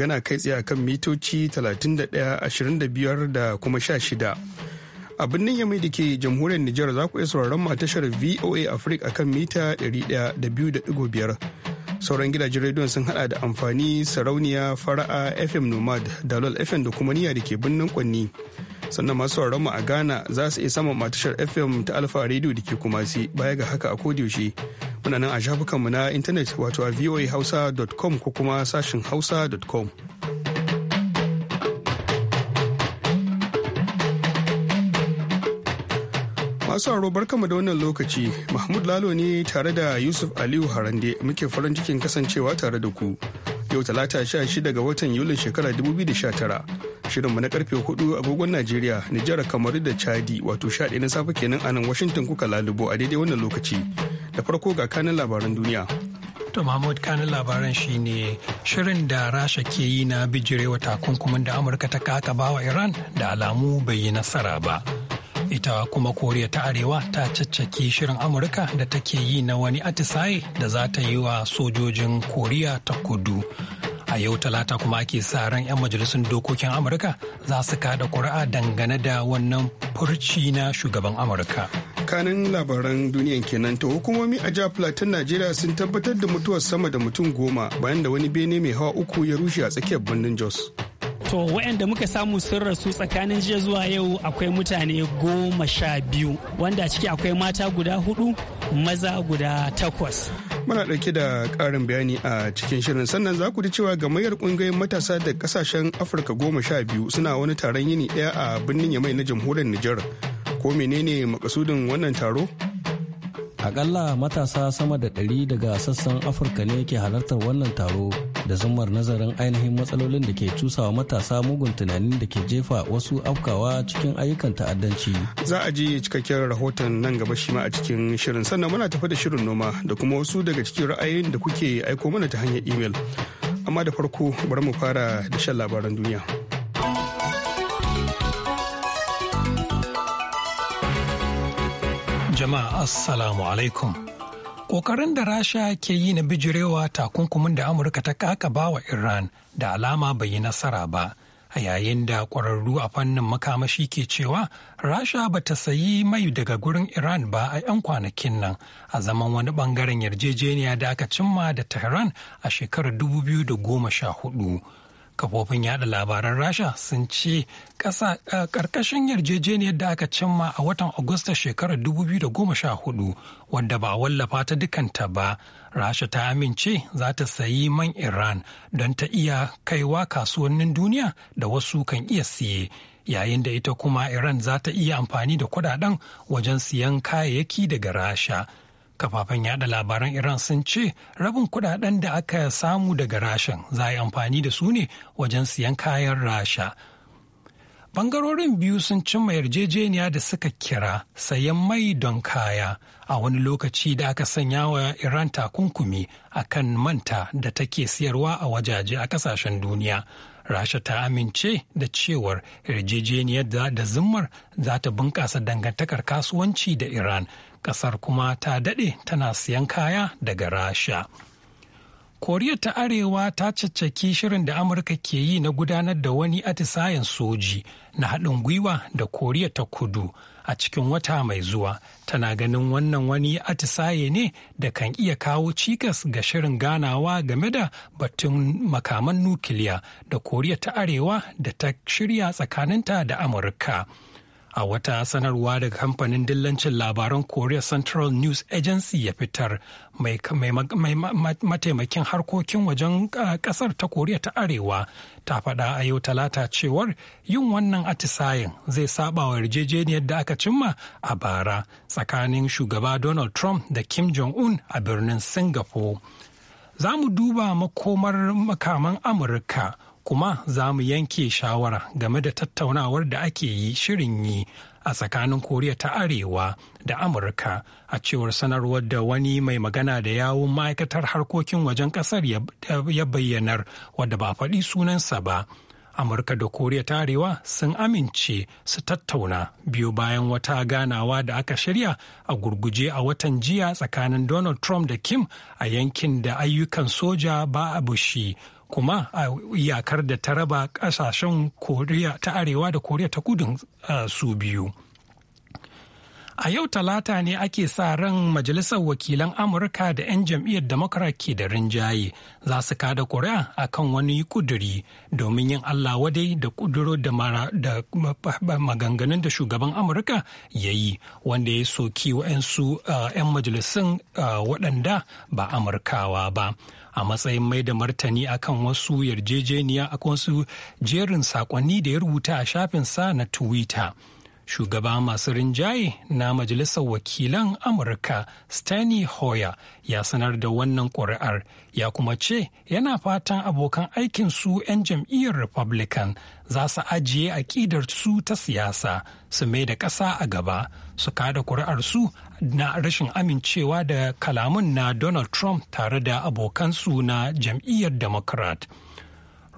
yana kai tsaye kan mitoci 31 25 da kuma 16 a birnin yamai da ke jamhuriyar Nijar za ku iya sauraron ma tashar VOA Africa kan mita 100.5 sauran gidajen rediyon sun hada da amfani sarauniya fara'a FM Nomad dalol FM da kuma niyya da ke birnin Kwanni sannan masu sauraron mu a Ghana za su iya saman ma tashar FM ta Alfa Radio da ke kumasi baya ga haka a kodiyaushe muna nan a shafukanmu na intanet wato a voahausa.com ko kuma sashin hausa.com masu haro barkama da wannan lokaci mahmud lalo ne tare da yusuf aliyu harande muke farin cikin kasancewa tare da ku yau talata 16 ga watan yulin shekara 2019 shirinmu na karfe 4 agogon najeriya nijar kamaru da chadi wato ɗaya na safe kenan a nan washington kuka lalubo a daidai wannan lokaci da farko ga kanin labaran duniya to mahmud kanin labaran shine shirin da rasha ke yi na bijirewa takunkumin da amurka ta kaka ba wa iran da alamu bai yi nasara ba ita kuma koriya ta arewa ta caccaki shirin amurka da take yi na wani atisaye da za ta yi wa sojojin koriya ta kudu a yau talata kuma ake sa ran 'yan majalisun dokokin amurka za su kada kuri'a dangane da wannan furci na shugaban amurka kanin labaran duniyan kenan ta hukumomi a jihar plateau najeriya sun tabbatar da mutuwar sama da mutum goma bayan da wani bene mai hawa uku ya rushe a tsakiyar birnin jos to waɗanda muka samu sun rasu tsakanin jiya zuwa yau akwai mutane goma sha biyu wanda ciki akwai mata guda hudu maza guda takwas muna ɗauke da ƙarin bayani a cikin shirin sannan za ku ji cewa gamayyar ƙungiyoyin matasa da ƙasashen afirka goma sha biyu suna wani taron yini ɗaya a birnin yamai na jamhuriyar nijar ko menene makasudin wannan taro akalla matasa sama da ɗari daga sassan afirka ne ke halartar wannan taro da zumar nazarin ainihin matsalolin da ke cusawa matasa mugun tunanin da ke jefa wasu afkawa cikin ayyukan ta'addanci. Za a ji cikakken rahoton nan gaba shi ma a cikin shirin sannan muna tafi da shirin noma da kuma wasu daga cikin ra'ayoyin da kuke aiko mana ta hanyar imel. Amma da farko bari mu fara da shan labaran duniya. Jama'a Assalamu alaikum. Ƙoƙarin da Rasha ke yi na bijirewa takunkumin da Amurka ta ba wa Iran da alama bai yi nasara ba, a yayin da ƙwararru a fannin makamashi ke cewa Rasha ba ta sayi mai daga gurin Iran ba a 'yan kwanakin nan a zaman wani ɓangaren yarjejeniya da aka cimma da Tehran a shekarar 2014. kafofin yada labaran rasha sun ce karkashin yarjejeniyar da aka cimma a watan agusta shekarar 2014 wadda ba wallafa ta dukanta ba rasha ta amince za ta sayi man iran don ta iya kaiwa kasuwannin duniya da wasu kan iya siye yayin da ita kuma iran za ta iya amfani da kudaden wajen siyan kayayyaki daga rasha kafafen yada labaran iran sun ce rabin kudaden da aka samu daga rashin za a yi amfani da su ne wajen siyan kayan rasha bangarorin biyu sun cimma yarjejeniya da suka kira sayan mai don kaya a wani lokaci da aka sanya wa iran takunkumi a kan manta da take siyarwa a wajaje a kasashen duniya rasha ta amince da cewar yarjejeniyar da zimmar za ta bunkasa dangantakar kasuwanci da iran kasar kuma ta daɗe tana siyan kaya daga rasha koriya ta arewa ta caccaki shirin da amurka ke yi na gudanar da wani atisayen soji na haɗin gwiwa da koriya ta kudu a cikin wata mai zuwa tana ganin wannan wani atisaye ne da kan iya kawo cikas ga shirin ganawa game da batun makaman nukiliya da koriya ta arewa da ta shirya tsakaninta da amurka. a wata sanarwa daga kamfanin dillancin labaran korea central news agency ya fitar mai mataimakin harkokin wajen kasar ta korea ta arewa ta faɗa a yau talata cewar yin wannan atisayen zai saba wa yarjejeniyar da aka cimma a bara tsakanin shugaba donald trump da kim jong-un a birnin singapore za mu duba makomar makaman amurka kuma za mu yanke shawara game da tattaunawar da ake yi shirin yi a tsakanin koriya ta arewa da amurka a cewar sanarwar da wani mai magana da yawun ma'aikatar harkokin wajen kasar ya bayyanar wadda ba faɗi sunansa ba amurka da koriya ta arewa sun amince su tattauna biyu bayan wata ganawa da aka shirya a gurguje a watan jiya tsakanin donald trump da kim a yankin da ayyukan soja ba a bushi kuma a iyakar da ta raba kasashen koriya ta arewa da koriya ta kudin su biyu a yau talata ne ake sa ran majalisar wakilan amurka da 'yan jam'iyyar democrat ke da rinjaye za su kada kuri'a a kan wani kuduri domin yin allah wadai da kuduro da maganganun da shugaban amurka ya yi wanda ya soki wa'yansu 'yan majalisun waɗanda ba amurkawa ba. a matsayin mai da martani akan wasu yarjejeniya a wasu jerin saƙonni da ya rubuta a shafinsa na Twitter shugaba masu rinjaye na majalisar wakilan amurka steny hoyer ya sanar da wannan ƙuri'ar ya kuma ce yana fatan abokan aikin su 'yan jam'iyyar republican za su ajiye aƙidar su ta siyasa su mai da ƙasa a gaba su kada ƙuri'ar su na rashin amincewa da kalamun na donald trump tare da abokansu na jam'iyyar democrat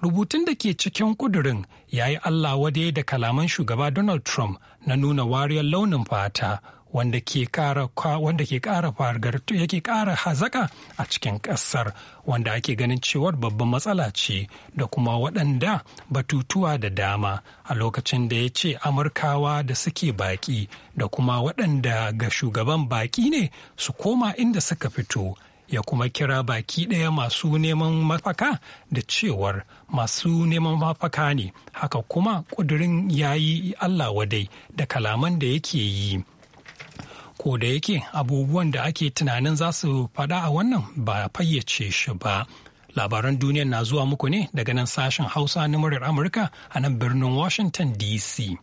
rubutun da ke cikin ƙudurin ya yi Allah wade da kalaman shugaba Donald Trump na nuna wariyar launin fata wanda ke kara fargar yake kara hazaka a cikin kasar wanda ake ganin cewar babban matsala ce da kuma waɗanda batutuwa da dama a lokacin da ya ce amurkawa da suke baƙi da kuma waɗanda ga shugaban baƙi ne su koma inda suka fito ya kuma kira baki ɗaya masu neman mafaka da cewar masu neman mafaka ne haka kuma ƙudurin ya yi Allah wadai da kalaman da yake yi. Ko da yake abubuwan da ake tunanin za su faɗa a wannan ba fayyace shi ba. Labaran duniyar na zuwa muku ne daga nan sashen Hausa na muryar Amurka a nan birnin Washington DC.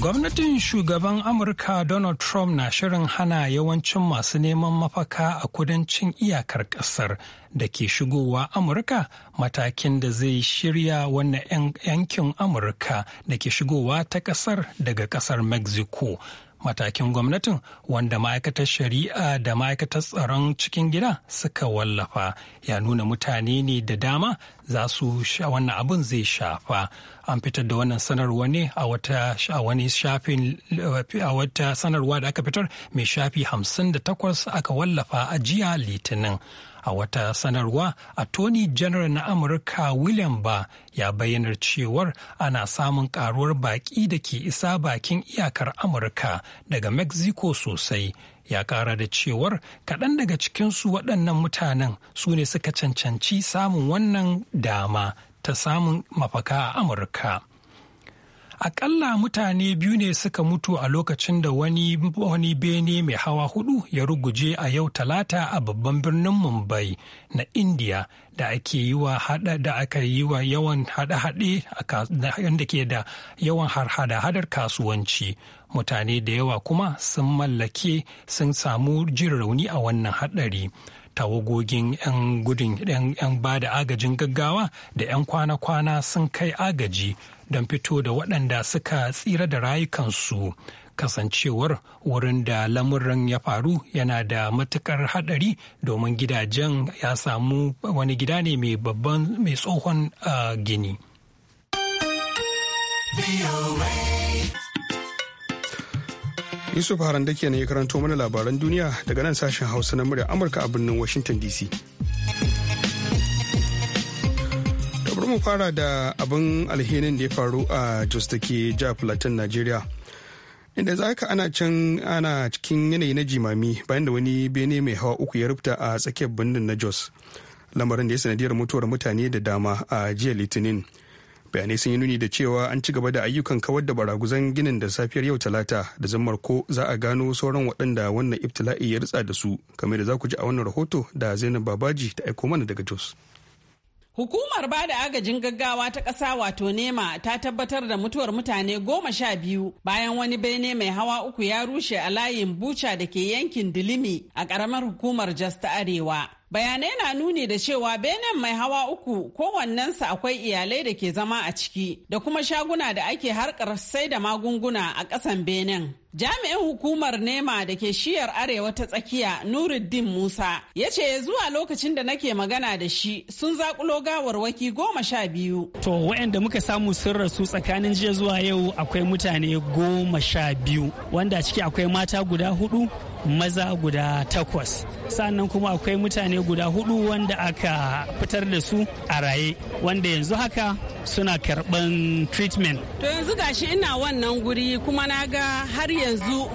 Gwamnatin shugaban Amurka Donald Trump na shirin hana yawancin masu neman mafaka a kudancin iyakar ƙasar da ke shigowa Amurka matakin da zai shirya wannan yankin Amurka da ke shigowa ta ƙasar daga ƙasar Mexico. matakin gwamnatin wanda ma'aikatar shari'a da ma'aikatar tsaron cikin gida suka wallafa ya nuna mutane ne da dama za su sha wannan abin zai shafa an fitar da wannan sanarwa ne a wata wani shafin a wata sanarwa da aka fitar mai shafi 58 aka wallafa a jiya litinin A wata sanarwa, a Tony General na Amurka William Barr ya bayyana cewar ana samun karuwar baƙi da ke isa bakin iyakar Amurka daga Mexico sosai. Ya ƙara da cewar kaɗan daga cikinsu waɗannan mutanen su ne suka cancanci samun wannan dama ta samun mafaka a Amurka. Akalla mutane biyu ne suka mutu a lokacin da wani, wani bene mai hawa hudu ya ruguje a yau talata a babban birnin Mumbai na India da ake yi wa hada da aka yi wa yawan hada-hade da ke da yawan hada-hadar kasuwanci. Mutane da yawa kuma sun mallake sun samu jin rauni a wannan hadari. tawagogin 'yan gudun 'yan ba da agajin gaggawa da 'yan kwana-kwana sun kai agaji don fito da waɗanda suka tsira da rayukansu kasancewar wurin da lamurin ya faru yana da matukar haɗari domin gidajen ya samu wani gida ne mai babban mai tsohon ah, gini. Yusuf Haran da ke ne ya karanto mana labaran duniya daga nan sashen Hausa na murya Amurka a birnin Washington DC. dabar mu fara da abin alhinin da ya faru a Jos da ke ja Plateau, Najeriya. Inda za ka ana can ana cikin yanayi na jimami bayan da wani bene mai hawa uku ya rubuta a tsakiyar birnin na Jos. Lamarin da ya sanadiyar mutuwar mutane da dama a jiya Litinin. bayanai sun yi nuni da cewa an ci gaba da ayyukan kawar da baraguzan ginin da safiyar yau talata da zammar ko za a gano sauran waɗanda wannan iftila'i ya ritsa da su kamar da za ku ji a wannan rahoto da zainab babaji ta aiko mana daga jos Hukumar ba da agajin gaggawa ta ƙasa wato nema ta tabbatar da mutuwar mutane goma sha biyu bayan wani bene mai hawa uku ya rushe a layin buca da ke yankin Dilimi a ƙaramar hukumar Jas ta Arewa. Bayanai na nuni da cewa benen mai hawa uku kowannensa akwai iyalai da ke zama a ciki da kuma shaguna da ake harkar sai da magunguna a ƙasan benen. Jami'in hukumar NEMA da ke shiyar arewa ta tsakiya Nuruddin Musa ya ce zuwa lokacin da nake magana da shi sun zakulo gawarwaki goma sha biyu. To wayanda muka samu sun rasu tsakanin jiya zuwa yau akwai mutane goma sha biyu wanda ciki akwai mata guda hudu maza guda takwas sannan kuma akwai mutane guda hudu wanda aka fitar da su a raye wanda yanzu haka suna karban treatment to yanzu gashi ina wannan guri kuma na ga har yanzu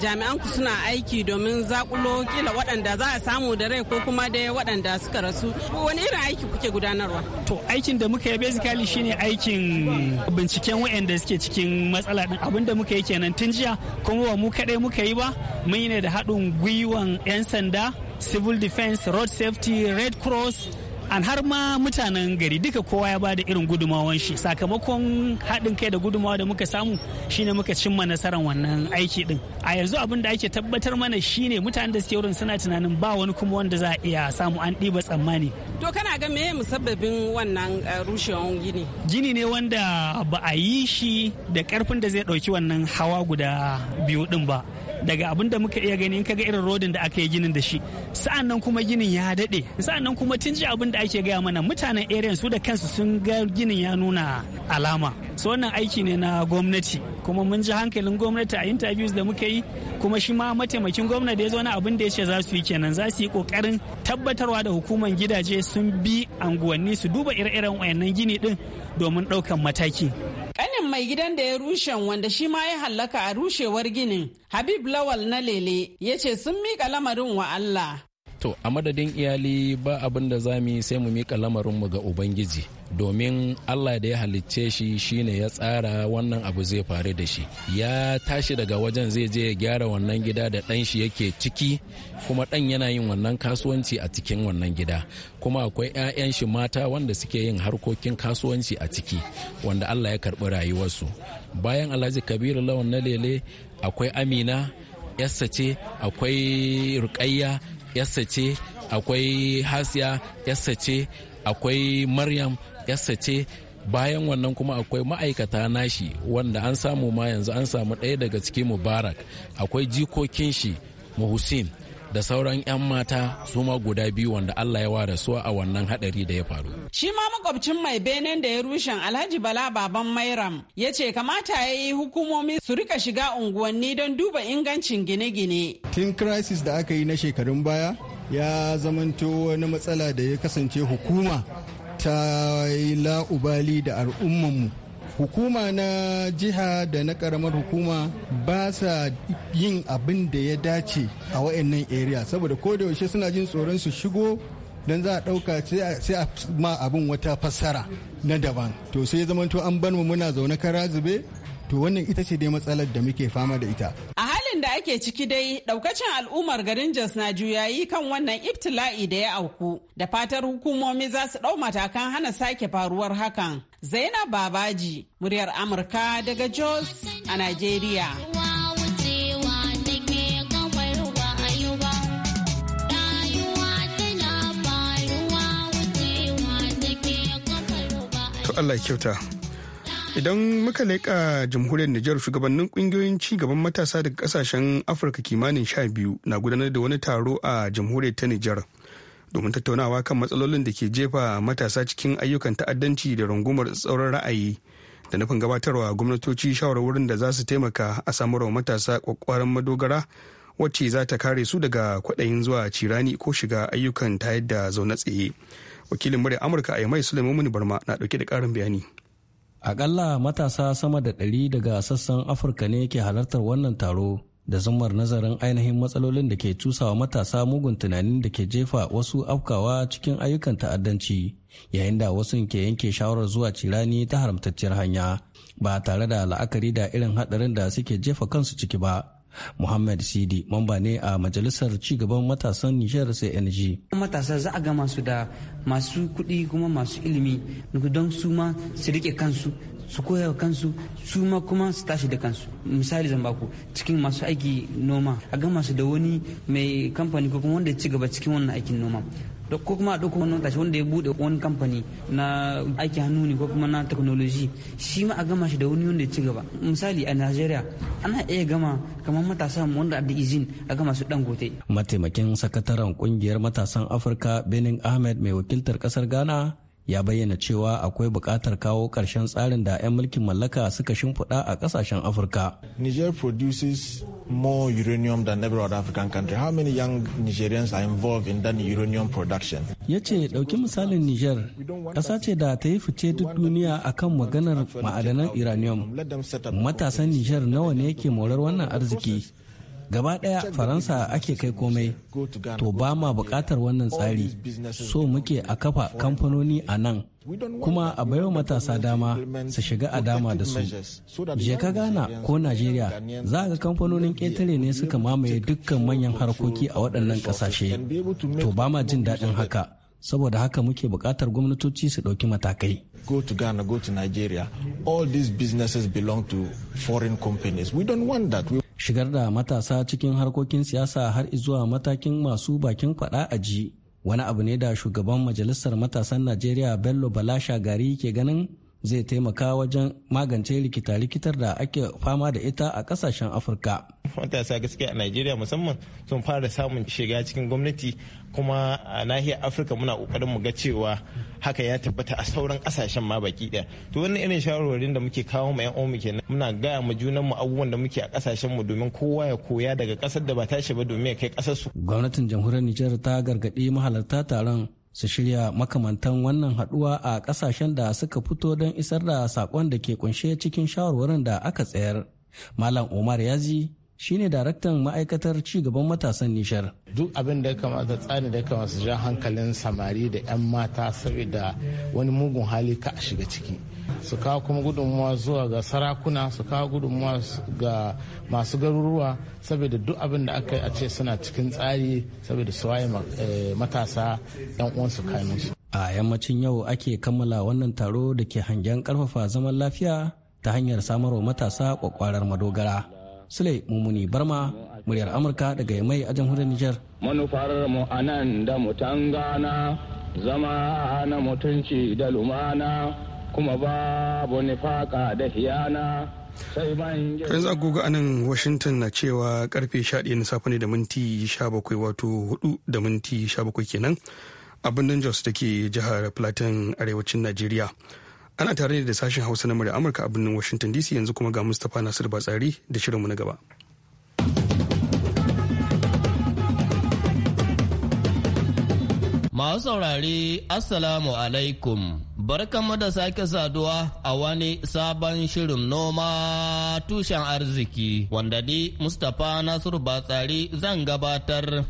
jami'an ku suna aiki domin zakulo kila waɗanda za a samu da rai ko kuma dai waɗanda suka rasu wani irin aiki kuke gudanarwa to aikin da muka yi basically shine aikin binciken waɗanda suke cikin matsala din abinda muka yi kenan tun jiya kuma ba mu kaɗai muka yi ba mun yi ne da haɗin gwiwan 'yan sanda civil defense road safety red cross an har ma mutanen gari duka kowa ya bada irin gudumawan shi sakamakon haɗin kai da gudumawa da muka samu shine muka cimma nasarar wannan aiki din a yanzu abin da ake tabbatar mana shine mutanen da suke wurin suna tunanin ba wani kuma wanda za a iya samu an ɗiba tsammani to kana ga meye musabbabin wannan eh, rushewan gini gini ne wanda ba a yi shi da karfin da zai ɗauki wannan hawa guda biyu din ba daga abin da muka iya gani in kaga irin rodin da aka yi ginin da shi sa'an nan kuma ginin ya daɗe sa'an nan kuma tun ji abin da ake gaya mana mutanen area su da kansu sun ga ginin ya nuna alama so wannan aiki ne na gwamnati kuma mun ji hankalin gwamnati a interviews da muka yi kuma shi ma mataimakin gwamnati da ya zo na abin da ya ce za su yi kenan za su yi kokarin tabbatarwa da hukumar gidaje sun bi anguwanni su duba ire-iren wayannan gini din domin ɗaukan mataki mai gidan da ya rushen wanda shi ma ya hallaka a rushewar ginin habib lawal na lele ya ce sun miƙa lamarin wa allah to a madadin iyali ba abin da za mu sai mu miƙa lamarinmu ga ubangiji domin allah da ya halicce shi shine ya tsara wannan abu zai faru da shi ya tashi daga wajen zai je ya gyara wannan gida da ɗan shi yake ciki kuma ɗan yana yin wannan kasuwanci a cikin wannan gida kuma akwai 'ya'yan shi mata wanda suke yin harkokin kasuwanci a ciki wanda allah ya karɓi rayuwarsu bayan alhaji kabiru lawan na lele akwai amina yassa akwai rukayya yassa ce akwai hasiya yassa ce akwai maryam yassa ce bayan wannan kuma akwai ma'aikata nashi wanda an samu ma yanzu an samu ɗaya daga cikin mubarak akwai jikokin shi muhusin da sauran 'yan mata su ma guda biyu wanda Allah ya ware su a wannan hadari da ya faru. Shi ma makwabcin mai benen da ya rushen Alhaji Bala Baban Mairam ya ce kamata ya yi hukumomi su rika shiga unguwanni don duba ingancin gine-gine. Tin crisis da aka yi na shekarun baya ya zamanto wani matsala da ya kasance hukuma ta yi la'ubali da al'ummanmu hukuma na jiha da na karamar hukuma ba sa yin abin da ya dace a wayannan area saboda ko da yaushe suna jin tsoron su shigo don za a ɗauka sai a ma abin wata fassara na daban to sai ya zamanto an ban mu muna zaune kara zube to wannan ita ce dai matsalar da muke fama da ita halin da ake ciki dai daukacin al'ummar garin jos na juyayi kan wannan ibtila'i da ya auku da fatar hukumomi za su ɗau matakan hana sake faruwar hakan zainab babaji muryar amurka daga jos a nigeria Allah kyauta Idan muka leƙa jamhuriyar Nijar shugabannin ƙungiyoyin ci gaban matasa daga ƙasashen Afirka kimanin sha biyu na gudanar da wani taro a jamhuriyar ta Nijar domin tattaunawa kan matsalolin da ke jefa matasa cikin ayyukan ta'addanci da rungumar tsauran ra'ayi da nufin gabatarwa gwamnatoci shawarwarin da za su taimaka a samarwa matasa kwakwaran madogara wacce za ta kare su daga kwaɗayin zuwa cirani ko shiga ayyukan ta yadda zaune tsaye. Wakilin murya Amurka a Yamai Suleiman Barma na ɗauke da ƙarin bayani. Akalla matasa sama da ɗari daga sassan Afirka ne ke halartar wannan taro da zumar nazarin ainihin matsalolin da ke cusawa matasa mugun tunanin da ke jefa wasu afkawa cikin ayyukan ta'addanci yayin da wasu ke yanke shawarar zuwa cirani ta haramtacciyar hanya ba tare da la'akari da irin haɗarin da suke jefa kansu ciki ba. Muhammad Sidi mamba ne a majalisar cigaban matasan Nijar CNG. Matasa za a gama su da masu kuɗi kuma masu ilimi don su ma su rike kansu su koya wa kansu su ma kuma su tashi da kansu misali zan baku cikin masu aiki noma a gama su da wani mai kamfani ko kuma wanda ya ci gaba cikin wannan aikin noma ko kuma a ɗauko wani tashi wanda ya buɗe wani kamfani na aiki hannu ne ko kuma na teknoloji shi ma a gama shi da wani wanda ya ci gaba misali a Najeriya ana iya gama kamar matasa wanda a da izin a gama su dangote. Mataimakin sakataren kungiyar matasan Afirka Benin Ahmed mai wakiltar kasar ghana ya bayyana cewa akwai buƙatar kawo ƙarshen tsarin da 'yan mulkin mallaka suka shimfiɗa a ƙasashen afirka niger produces more uranium than every other african country how many young nigerians are involved in that uranium production ya ce ɗauki misalin niger ƙasa ce da ta yi fice duk duniya akan maganar ma'adanan uranium matasan niger nawa ne yake morar wannan arziki gaba daya faransa ake kai komai to ba ma bukatar wannan tsari so muke a kafa kamfanoni a nan kuma a baiwa matasa dama su shiga a dama da su je ka gana ko najeriya za a ga kamfanonin ƙetare ne suka mamaye dukkan manyan harkoki a waɗannan ƙasashe to ba ma jin daɗin haka saboda haka muke buƙatar gwamnatoci su ɗauki matakai. Go to Ghana, go to Nigeria. All these businesses belong to foreign companies. We don't want that. We shigar da matasa cikin harkokin siyasa har zuwa matakin masu bakin faɗa a ji wani abu ne da shugaban majalisar matasan najeriya bello bala shagari ke ganin zai taimaka wajen magance rikita-rikitar da ake fama da ita a kasashen afirka matasa gaskiya a nigeria musamman sun fara samun shiga cikin gwamnati kuma a nahiyar afirka muna kokarin mu ga cewa haka ya tabbata a sauran kasashen ma baki daya to wannan irin shawarwarin da muke kawo ma yan uwanmu kenan muna gaya ma junan mu abubuwan da muke a kasashen mu domin kowa ya koya daga kasar da ba tashi ba domin ya kai kasar su gwamnatin jamhuriyar nijar ta gargadi mahalarta taron su shirya makamantan wannan haduwa a kasashen da suka fito don isar da sakon da ke kunshe cikin shawarwarin da aka tsayar. Malam umar Yazi shine daraktan ma'aikatar cigaban matasan nishar. Duk abin da kamata tsani da ya kamata su ja hankalin samari da 'yan mata saboda wani mugun hali ka shiga ciki. su kawo kuma gudunmuwa zuwa ga sarakuna su kawo gudunmuwa ga masu garuruwa saboda duk abin da aka yi a ce suna cikin tsari saboda su waye eh, matasa 'yan uwansu kayan su a yammacin yau ake kammala wannan taro da ke hangen karfafa zaman lafiya ta hanyar samarwa matasa kwakwarar madogara sule mumuni barma muryar amurka daga Mai a jamhuriyar niger manufar mu anan da mutan gana zama na mutunci da lumana kuma babu nifaka da hiyana yanzu agogo a nan washington na cewa karfe 11 na safe ne da minti 17 wato 4 da minti 17 kenan a birnin jos da ke jihar plateau arewacin najeriya ana tare da sashen hausa na murya amurka a birnin washington dc yanzu kuma ga mustapha nasir batsari da shirinmu na gaba masu saurari assalamu alaikum Barkanmu da sake saduwa a wani sabon shirin noma tushen arziki wanda ni Mustapha Nasiru Batsari zan gabatar.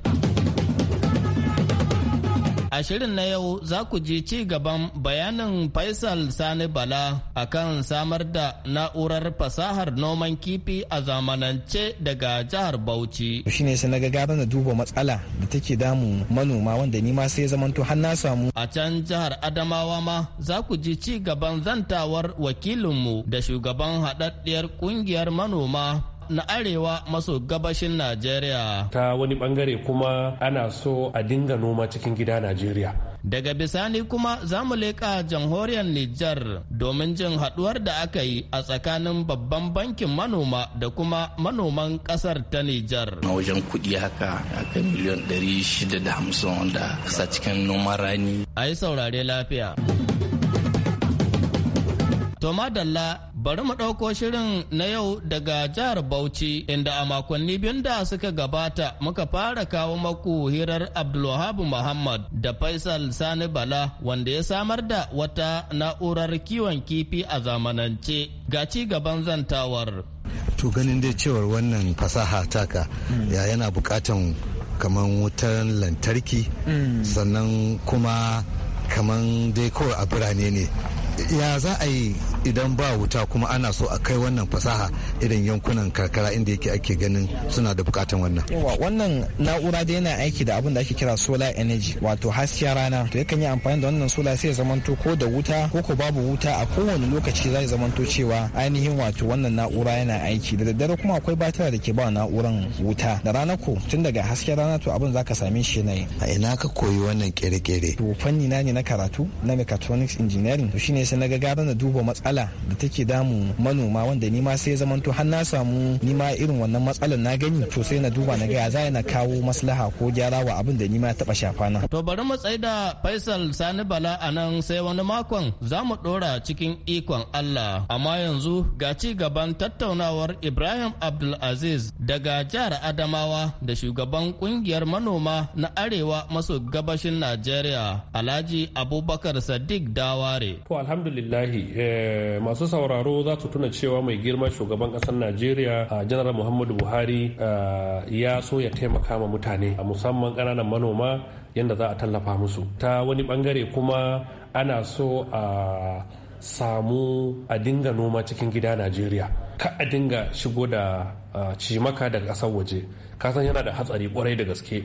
A shirin na yau za ku ji ci gaban bayanin Faisal Sani Bala akan samar da na'urar fasahar noman kifi a zamanance daga jihar Bauchi. Shi ne na gagarin da duba matsala da take damu manoma wanda ni ma sai zamanto har na samu. A can jihar Adamawa ma za ku ji ci gaban zantawar wakilinmu da shugaban haɗaɗɗiyar ƙungiyar manoma na arewa maso gabashin Najeriya. Ta wani bangare kuma ana so a dinga noma cikin gida Najeriya. Daga bisani kuma za mu leƙa jamhuriyar Nijar domin jin haɗuwar da aka yi a tsakanin babban bankin manoma da kuma manoman ƙasar ta Nijar. Na wajen kuɗi haka aka miliyan 650 wanda kasa cikin noman rani. A yi saurare lafiya. Toma Dalla Bari mu ɗauko shirin na yau daga jihar Bauchi inda a makonni biyun da suka gabata muka fara kawo maku hirar Abdulwahabu Muhammad da Faisal Sani Bala wanda ya samar da wata na'urar kiwon kifi a zamanance ga ci gaban zantawar. To ganin dai cewar wannan fasaha taka ya yana bukatan kamar wutar lantarki sannan kuma kamar dai kawai a birane ne. Ya za a yi idan ba wuta kuma ana so a kai wannan fasaha irin yankunan karkara inda yake ake ganin suna da bukatan wannan wannan na'ura da yana aiki da abin da ake kira solar energy wato hasken rana to yakan yi amfani da wannan solar sai ya zamanto ko da wuta ko ko babu wuta a kowane lokaci zai zamanto cewa ainihin wato wannan na'ura yana aiki da daddare kuma akwai batira da ke ba na'uran wuta da rana ko tun daga hasken rana to abin zaka same shi na a ina ka koyi wannan kere-kere to fanni na ne na karatu na mechatronics engineering to shine sai na ga gara na duba matsala matsala da take damu manoma wanda ni ma sai zamanto har na samu ni ma irin wannan matsalar na gani to sai na duba na ga ya na kawo maslaha ko gyara wa abin da ni ma taba shafa na to bari mu tsaye da Faisal Sani Bala a nan sai wani makon za mu dora cikin ikon Allah amma yanzu ga ci gaban tattaunawar Ibrahim Abdulaziz daga jihar Adamawa da shugaban kungiyar manoma na arewa maso gabashin Najeriya Alhaji Abubakar Sadiq Daware to Eh, masu sauraro za su tuna cewa mai girma shugaban kasar najeriya a muhammadu buhari ya so ya taimaka ma mutane a musamman ƙananan manoma yadda za a tallafa musu ta wani bangare kuma ana so a samu a dinga noma cikin gida najeriya ka a dinga shigo da cimaka daga ƙasar waje kasan yana da hatsari kwarai da gaske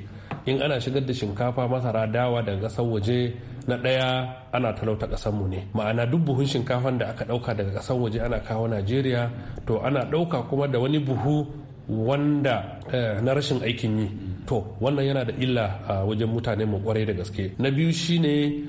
in ana shigar da shinkafa masara dawa daga ƙasar waje na ɗaya ana talauta ƙasanmu ne ma'ana duk buhun shinkafan da aka ɗauka daga ƙasar waje ana kawo najeriya to ana ɗauka kuma da wani buhu wanda eh, na rashin aikin yi to wannan yana da illa a wajen mutane mu kwarai da gaske na biyu shine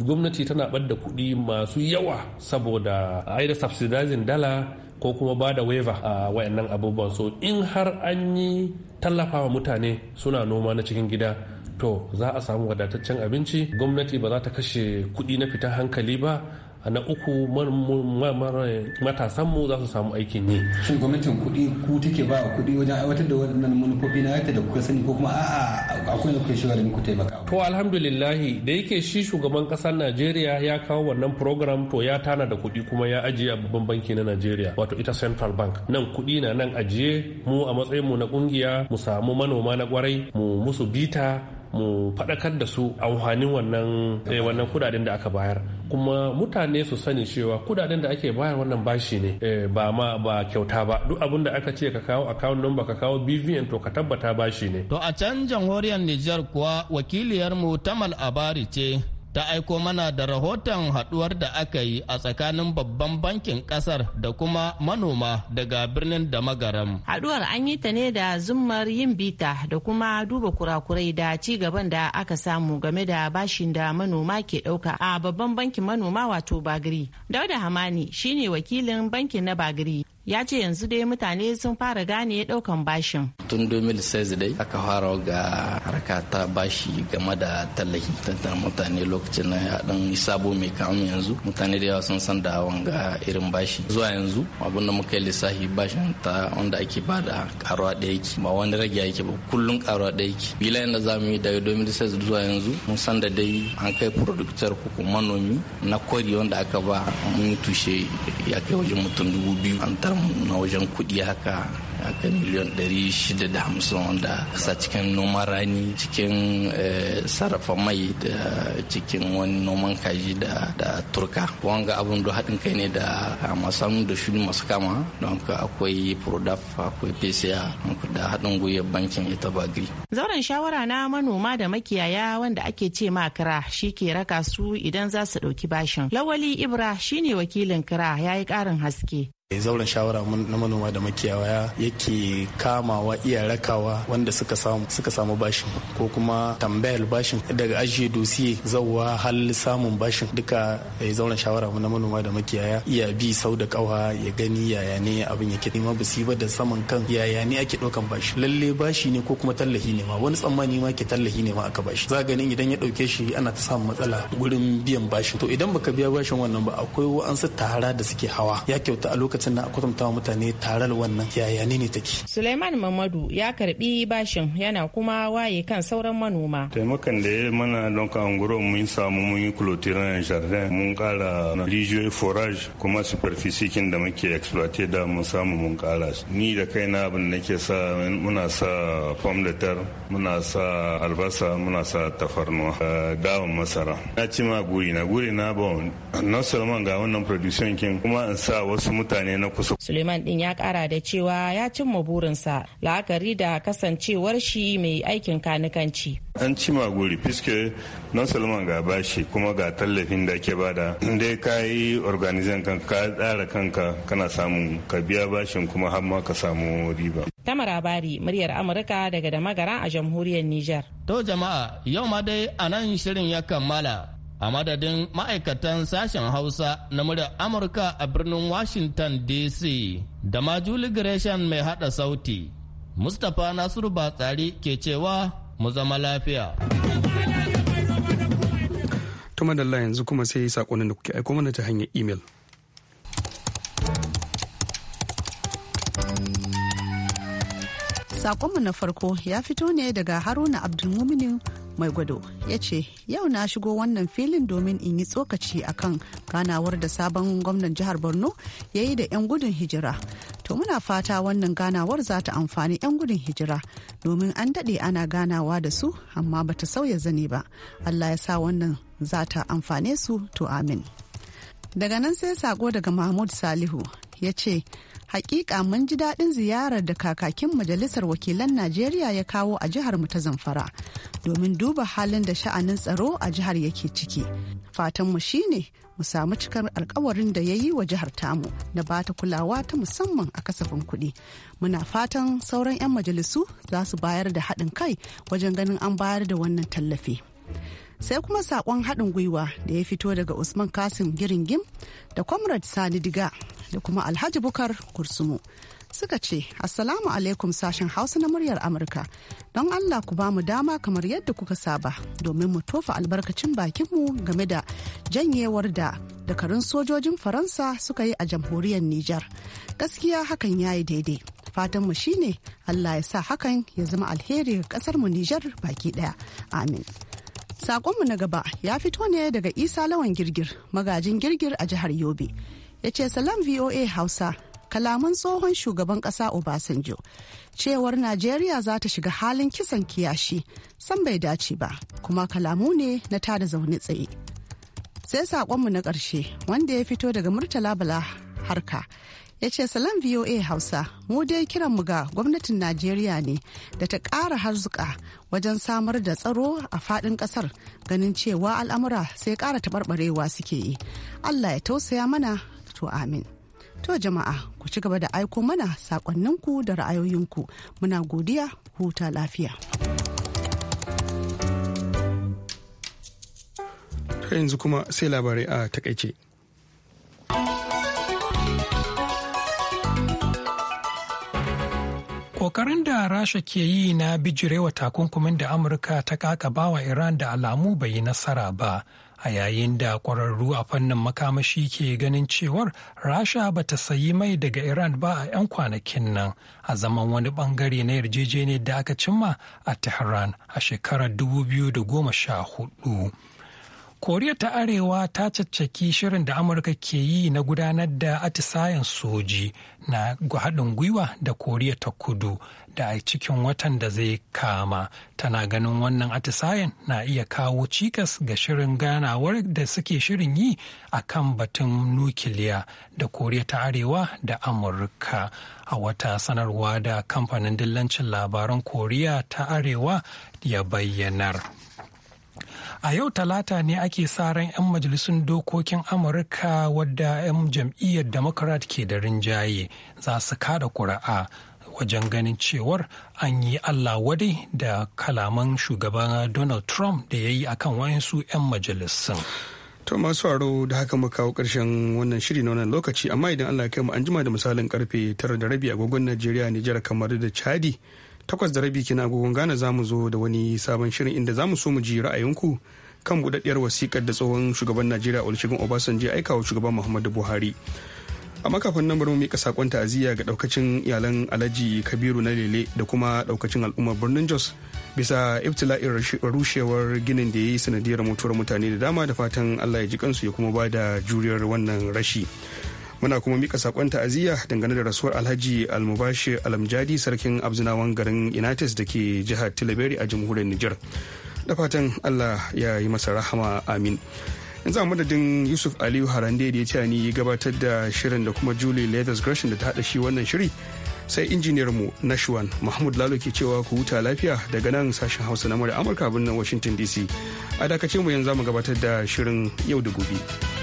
gwamnati tana ɓadda kuɗi masu yawa saboda aida subsidizing dala ko kuma ba da waiver a wayannan abubuwan so in har an yi tallafa wa mutane suna noma na cikin gida to za a samu wadataccen abinci gwamnati ba za ta kashe kuɗi na fitan hankali ba na uku matasanmu za su samu aikin yi. Shin gwamnatin kuɗi ku take ba kuɗi wajen aiwatar da waɗannan manufofi na yadda da kuka sani ko kuma a'a akwai da kuka shiga da muku taimaka. To alhamdulillahi da yake shi shugaban kasar Najeriya ya kawo wannan program to ya tana da kuɗi kuma ya ajiye a babban banki na Najeriya wato ita Central Bank. Nan kuɗi na nan ajiye mu a matsayin mu na ƙungiya mu samu manoma na kwarai mu musu bita mu faɗakar da su amfanin wannan eh, wannan kudaden da aka bayar kuma mutane su sani cewa kudaden da ake bayar wannan bashi ne eh, ba ma ba kyauta ba duk abin da aka ce ka kawo account number ka kawo BVN to ka tabbata bashi ne to a can jamhuriyar Nijar kuwa wakiliyar mu Tamal Abari ce ta aiko mana da rahoton haduwar da aka yi a tsakanin babban bankin kasar da kuma manoma daga birnin da magaram. Haduwar an yi ta ne da zummar yin bita da kuma duba kurakurai da ci gaban da aka samu game da bashin da manoma ke dauka a babban bankin manoma wato bagri Dauda Hamani shine wakilin bankin na bagri ya ce yanzu dai mutane sun fara gane daukan bashin tun 2006 dai aka fara ga harka ta bashi game da tallafi tattalin mutane lokacin na haɗin sabo mai kamun yanzu mutane da yawa sun san da wanga irin bashi zuwa yanzu abin da muka yi lissafi bashin ta wanda ake bada karuwa ɗaya yake ba wani rage yake ba kullum karuwa ɗaya yake bilayen da za mu yi daga 2006 zuwa yanzu mun san da dai an kai producteur ko kuma manomi na kwari wanda aka ba mun tushe ya kai wajen mutum dubu biyu an na wajen kuɗi haka haka miliyan 650 wanda kasa cikin noman rani cikin eh, sarrafa mai da cikin wani noman kaji da turka wanga abin da haɗin kai ne da masu da shuni masu kama don akwai prodaf akwai pca da haɗin gwiwar bankin ita bagri zauren shawara na manoma da makiyaya wanda ake ce ma kira shi ke raka su idan za su ɗauki bashin lawali ibra shine wakilin kira ya yi ƙarin haske Eh, zauren shawara na manoma da makiyaya yake kamawa iya rakawa wanda suka samu suka bashin ko kuma tambayar bashin daga ajiye dosiye zauwa hal samun bashin duka eh, zauren shawara na manoma da makiyaya iya bi sau da kawa ya gani yaya ne abin yake ma ba ba da saman kan yaya ne ake ɗaukan bashi lalle bashi ne ko kuma tallafi ne ma wani tsammani ma ke tallafi ne ma aka bashi za ganin idan ya ɗauke shi ana ta samun matsala gurin biyan bashin to idan baka biya bashin wannan ba akwai wa'ansu tara da suke hawa ya kyauta a lokacin lokacin na a kwatanta wa mutane taral wannan yaya ne take suleiman mamadu ya karbi bashin yana kuma waye kan sauran manoma taimakon da ya mana don ka anguro mun samu mun yi kulotiran jardin mun kara rijiyoyi forage kuma superfici kin da muke exploite da mun samu mun kara ni da kaina abin da ke sa muna sa pom de terre muna sa albasa muna sa tafarnuwa dawon masara na ci ma guri na guri na ba na ga wannan production kin kuma in sa wasu mutane mutane na kusa. Suleiman din ya kara da cewa ya cimma burinsa la'akari da kasancewar shi mai aikin kanikanci. An cima guri fiske don Suleiman ga bashi kuma ga tallafin da ke bada. Inda ka kayi organizan kanka ka tsara kanka kana samun ka biya bashin kuma har ma ka samu riba. Tamara Bari muryar Amurka daga da magara a jamhuriyar Nijar. To jama'a yau ma dai anan shirin ya kammala a madadin ma'aikatan sashen hausa na murya amurka a birnin washington dc da ma juli gresham mai hada sauti mustapha nasiru batsari ke cewa mu zama lafiya tuma yanzu kuma sai sakonin da kuke aiko mana ta hanyar imel. Sakonmu na farko ya fito ne daga Haruna abdulmuminin mai gwado ya ce yau na shigo wannan filin domin in yi tsokaci a kan ganawar da sabon gwamnan jihar borno ya yi da 'yan gudun hijira to muna fata wannan ganawar za ta amfani 'yan gudun hijira domin an daɗe ana ganawa da su amma ba ta sauya zane ba allah ya sa wannan za ta amfane su to amin daga nan sai sako daga mahmud salihu ya ce Hakika mun ji daɗin ziyarar da kakakin Majalisar Wakilan Najeriya ya kawo a jihar mu ta Zamfara domin duba halin da sha'anin tsaro a jihar yake ciki. fatan Fatanmu shine mu samu cikar alkawarin da ya yi wa jihar tamu na ba ta kulawa ta musamman a kasafin kuɗi. Muna fatan sauran 'yan majalisu za su bayar da haɗin kai wajen ganin an bayar da wannan tallafi. sai kuma saƙon haɗin gwiwa da ya fito daga usman kasim giringim da comrade sani diga da kuma alhaji bukar kursumu suka ce assalamu alaikum sashen hausa na muryar amurka don allah ku ba mu dama kamar yadda kuka saba domin mu tofa albarkacin bakinmu game da janyewar da dakarun sojojin faransa suka yi a jamhuriyar nijar gaskiya hakan ya yi daidai fatanmu shine allah ya sa hakan ya zama alheri ga kasarmu nijar baki daya amin Sakonmu na gaba ya fito ne daga Isa Lawan Girgir, magajin Girgir a jihar Yobe. Ya ce salam VOA Hausa, kalaman tsohon shugaban ƙasa Obasanjo, cewar Najeriya za ta shiga halin kisan kiyashi, san bai dace ba, kuma kalamu ne na tada zaune tsaye. Sai saƙonmu na ƙarshe wanda ya fito daga Murtala Bala harka ya ce salam voa hausa mu dai mu ga gwamnatin najeriya ne da ta ƙara harzuka wajen samar da tsaro a faɗin ƙasar ganin cewa al'amura sai ƙara taɓarɓarewa suke yi allah ya tausaya mana to amin to jama'a ku ci gaba da aiko mana saƙonninku da ra'ayoyinku muna godiya huta lafiya yanzu kuma sai labarai a takaice. kokarin da Rasha ke yi na bijirewa takunkumin da Amurka ta wa Iran da alamu bai yi nasara ba, a yayin da kwararru a fannin makamashi ke ganin cewar Rasha ba ta sayi mai daga Iran ba a 'yan kwanakin nan a zaman wani bangare na yarjejeniyar da aka cimma a Tehran a shekarar 2014. koriya ta arewa ta caccaki shirin da amurka ke yi na gudanar da atisayen soji na haɗin gwiwa da koriya ta kudu da a cikin watan da zai kama tana ganin wannan atisayen na iya kawo cikas ga shirin ganawar da suke shirin yi a kan batun nukiliya da koriya ta arewa da amurka a wata sanarwa da kamfanin dillancin labaran koriya ta arewa ya bayyanar. A yau talata ne ake sa ran 'yan majalisun dokokin Amurka wadda 'yan jam'iyyar Democrat ke da rinjaye za su kada kuri'a wajen ganin cewar an yi Allah wadai da kalaman shugaban Donald Trump da ya yi akan su 'yan majalisun. To masu aro da haka muka kawo ƙarshen wannan shiri na wannan lokaci amma idan Allah ya kai mu an jima da misalin karfe tara da rabi agogon Najeriya Nijar kamar da Chadi takwas da rabi kina agogon Ghana za mu zo da wani sabon shirin inda za mu so mu ji ra'ayinku kan budaddiyar wasikar da tsohon shugaban Najeriya Olusegun Obasanjo ya aika wa shugaban Muhammadu Buhari. A makafin nan bari mu mika sakon ta'aziyya ga daukacin iyalan Alhaji Kabiru na Lele da kuma daukacin al'ummar birnin Jos bisa ibtila'in rushewar ginin da ya yi sanadiyar mutuwar mutane da dama da fatan Allah ya ji kansu ya kuma ba da juriyar wannan rashi. muna kuma mika sakon ta'aziyya dangane da rasuwar alhaji almubashi alamjadi sarkin abzinawan garin inatis da ke jihar tilaberi a jamhuriyar niger da fatan allah ya yi masa rahama amin yanzu a madadin yusuf aliyu harande da ya ce ni gabatar da shirin da kuma julie leathers gershon da ta haɗa shi wannan shiri sai injiniyar na nashwan mahmud lalo ke cewa ku huta lafiya daga nan sashen hausa na murya amurka birnin washington dc a dakace mu yanzu mu gabatar da shirin yau da gobe.